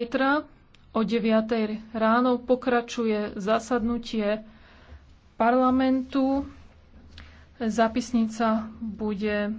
Zajtra o 9. ráno pokračuje zasadnutie parlamentu. Zapisnica bude